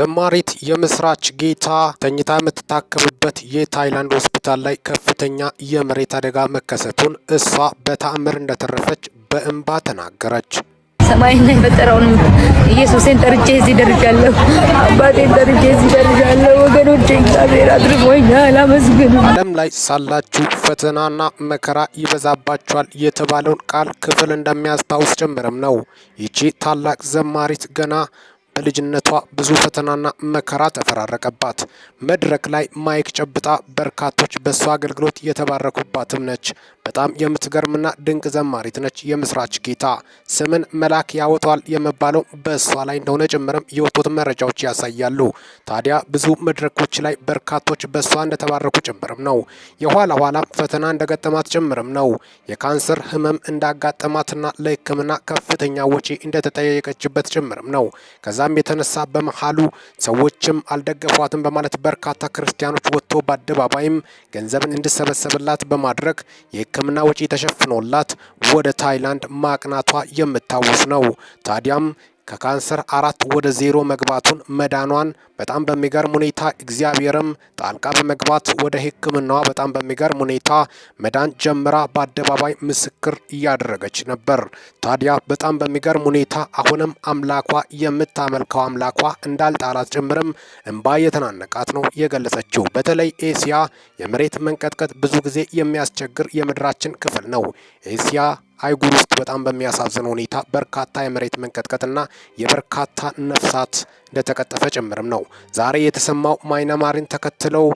ዘማሪት የምስራች ጌታ ተኝታ የምትታከምበት የታይላንድ ሆስፒታል ላይ ከፍተኛ የመሬት አደጋ መከሰቱን እሷ በተአምር እንደተረፈች በእንባ ተናገረች። ሰማይና የፈጠረውን ኢየሱሴን ጠርጄ እዚህ ደርጃለሁ። አባቴን ጠርጄ እዚህ ደርጃለሁ። ወገኖች እግዚአብሔር አድርጎኛል፣ አመስግኑ። ዓለም ላይ ሳላችሁ ፈተናና መከራ ይበዛባችኋል የተባለውን ቃል ክፍል እንደሚያስታውስ ጭምርም ነው። ይቺ ታላቅ ዘማሪት ገና በልጅነቷ ብዙ ፈተናና መከራ ተፈራረቀባት። መድረክ ላይ ማይክ ጨብጣ በርካቶች በእሷ አገልግሎት የተባረኩባትም ነች። በጣም የምትገርምና ድንቅ ዘማሪት ነች። የምስራች ጌታ ስምን መልአክ ያወጣል የመባለው በእሷ ላይ እንደሆነ ጭምርም የወጡት መረጃዎች ያሳያሉ። ታዲያ ብዙ መድረኮች ላይ በርካቶች በእሷ እንደተባረኩ ጭምርም ነው። የኋላ ኋላ ፈተና እንደገጠማት ጭምርም ነው። የካንሰር ህመም እንዳጋጠማትና ለሕክምና ከፍተኛ ወጪ እንደተጠየቀችበት ጭምርም ነው። ከዛ ከዛም የተነሳ በመሃሉ ሰዎችም አልደገፏትም በማለት በርካታ ክርስቲያኖች ወጥቶ በአደባባይም ገንዘብን እንዲሰበሰብላት በማድረግ የሕክምና ወጪ ተሸፍኖላት ወደ ታይላንድ ማቅናቷ የምታወስ ነው። ታዲያም ከካንሰር አራት ወደ ዜሮ መግባቱን መዳኗን በጣም በሚገርም ሁኔታ እግዚአብሔርም ጣልቃ በመግባት ወደ ሕክምናዋ በጣም በሚገርም ሁኔታ መዳን ጀምራ በአደባባይ ምስክር እያደረገች ነበር። ታዲያ በጣም በሚገርም ሁኔታ አሁንም አምላኳ የምታመልከው አምላኳ እንዳልጣላት ጭምርም እንባ የተናነቃት ነው የገለጸችው። በተለይ ኤሲያ የመሬት መንቀጥቀጥ ብዙ ጊዜ የሚያስቸግር የምድራችን ክፍል ነው። ኤስያ አይጉር ውስጥ በጣም በሚያሳዝን ሁኔታ በርካታ የመሬት መንቀጥቀጥና የበርካታ ነፍሳት እንደተቀጠፈ ጭምርም ነው። ዛሬ የተሰማው ማይናማሪን ተከትለው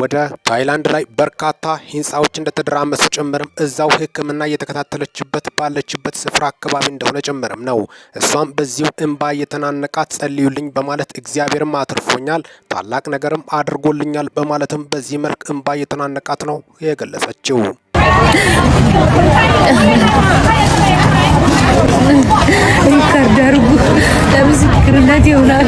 ወደ ታይላንድ ላይ በርካታ ህንፃዎች እንደተደራመሱ ጭምርም እዛው ሕክምና እየተከታተለችበት ባለችበት ስፍራ አካባቢ እንደሆነ ጭምርም ነው። እሷም በዚሁ እንባ እየተናነቃት ጸልዩልኝ በማለት እግዚአብሔርም አትርፎኛል፣ ታላቅ ነገርም አድርጎልኛል በማለትም በዚህ መልክ እንባ እየተናነቃት ነው የገለጸችው። ሪካርድ አርጉ ለምስክርነት ይሆናል።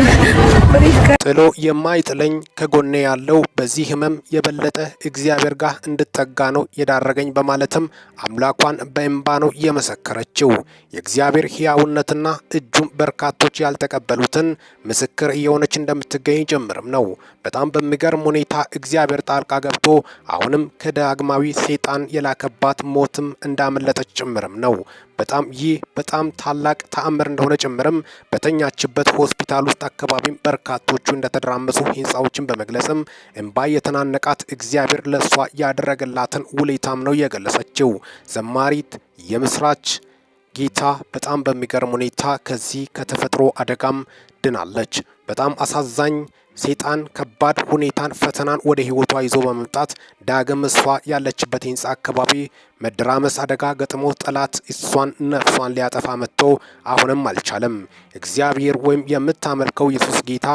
Obrigada. ጥሎ የማይጥለኝ ከጎኔ ያለው በዚህ ህመም የበለጠ እግዚአብሔር ጋር እንድጠጋ ነው የዳረገኝ በማለትም አምላኳን በእንባ ነው የመሰከረችው። የእግዚአብሔር ሕያውነትና እጁም በርካቶች ያልተቀበሉትን ምስክር እየሆነች እንደምትገኝ ጭምርም ነው። በጣም በሚገርም ሁኔታ እግዚአብሔር ጣልቃ ገብቶ አሁንም ከዳግማዊ ሰይጣን የላከባት ሞትም እንዳመለጠች ጭምርም ነው። በጣም ይህ በጣም ታላቅ ተአምር እንደሆነ ጭምርም በተኛችበት ሆስፒታል ውስጥ አካባቢም በርካቶቹ እንደተደራመሱ ህንፃዎችን በመግለጽም እንባ የተናነቃት እግዚአብሔር ለእሷ ያደረገላትን ውለታም ነው የገለጸችው ዘማሪት የምስራች ጌታ በጣም በሚገርም ሁኔታ ከዚህ ከተፈጥሮ አደጋም ድናለች። በጣም አሳዛኝ ሴጣን ከባድ ሁኔታን ፈተናን ወደ ህይወቷ ይዞ በመምጣት ዳግም እሷ ያለችበት ህንፃ አካባቢ መደራመስ አደጋ ገጥሞ ጠላት እሷን ነፍሷን ሊያጠፋ መጥቶ አሁንም አልቻለም። እግዚአብሔር ወይም የምታመልከው ኢየሱስ ጌታ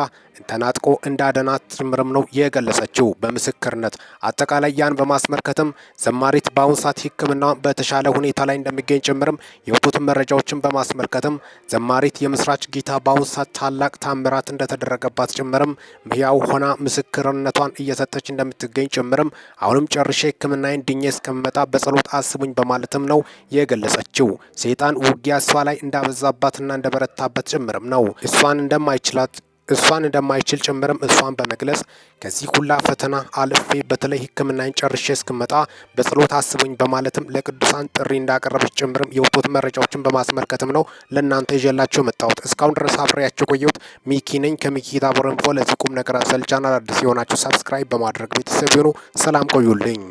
ተናጥቆ እንዳደናት ጭምርም ነው የገለጸችው በምስክርነት። አጠቃላይ ያን በማስመልከትም ዘማሪት በአሁን ሰዓት ሕክምና በተሻለ ሁኔታ ላይ እንደሚገኝ ጭምርም የወጡት መረጃዎችን በማስመልከትም ዘማሪት የምስራች ጌታ በአሁን ሰዓት ታላቅ ታምራት እንደተደረገባት ጭምርም ሕያው ሆና ምስክርነቷን እየሰጠች እንደምትገኝ ጭምርም አሁንም ጨርሼ ሕክምናዬን ድኜ እስከምመጣ በጸሎት አስቡኝ በማለትም ነው የገለጸችው። ሰይጣን ውጊያ እሷ ላይ እንዳበዛባትና እንደበረታበት ጭምርም ነው እሷን እንደማይችላት እሷን እንደማይችል ጭምርም እሷን በመግለጽ ከዚህ ሁላ ፈተና አልፌ በተለይ ሕክምናን ጨርሼ እስክመጣ በጸሎት አስቡኝ በማለትም ለቅዱሳን ጥሪ እንዳቀረበች ጭምርም የወጡት መረጃዎችን በማስመልከትም ነው ለእናንተ ይዤላቸው መጣሁት። እስካሁን ድረስ አብሬያቸው ቆየሁት። ሚኪ ነኝ ከሚኪታ ቦረንፎ። ለዚህ ቁም ነገር አዘል ቻናል አዲስ የሆናችሁ ሰብስክራይብ በማድረግ ቤተሰብ ይሁኑ። ሰላም ቆዩልኝ።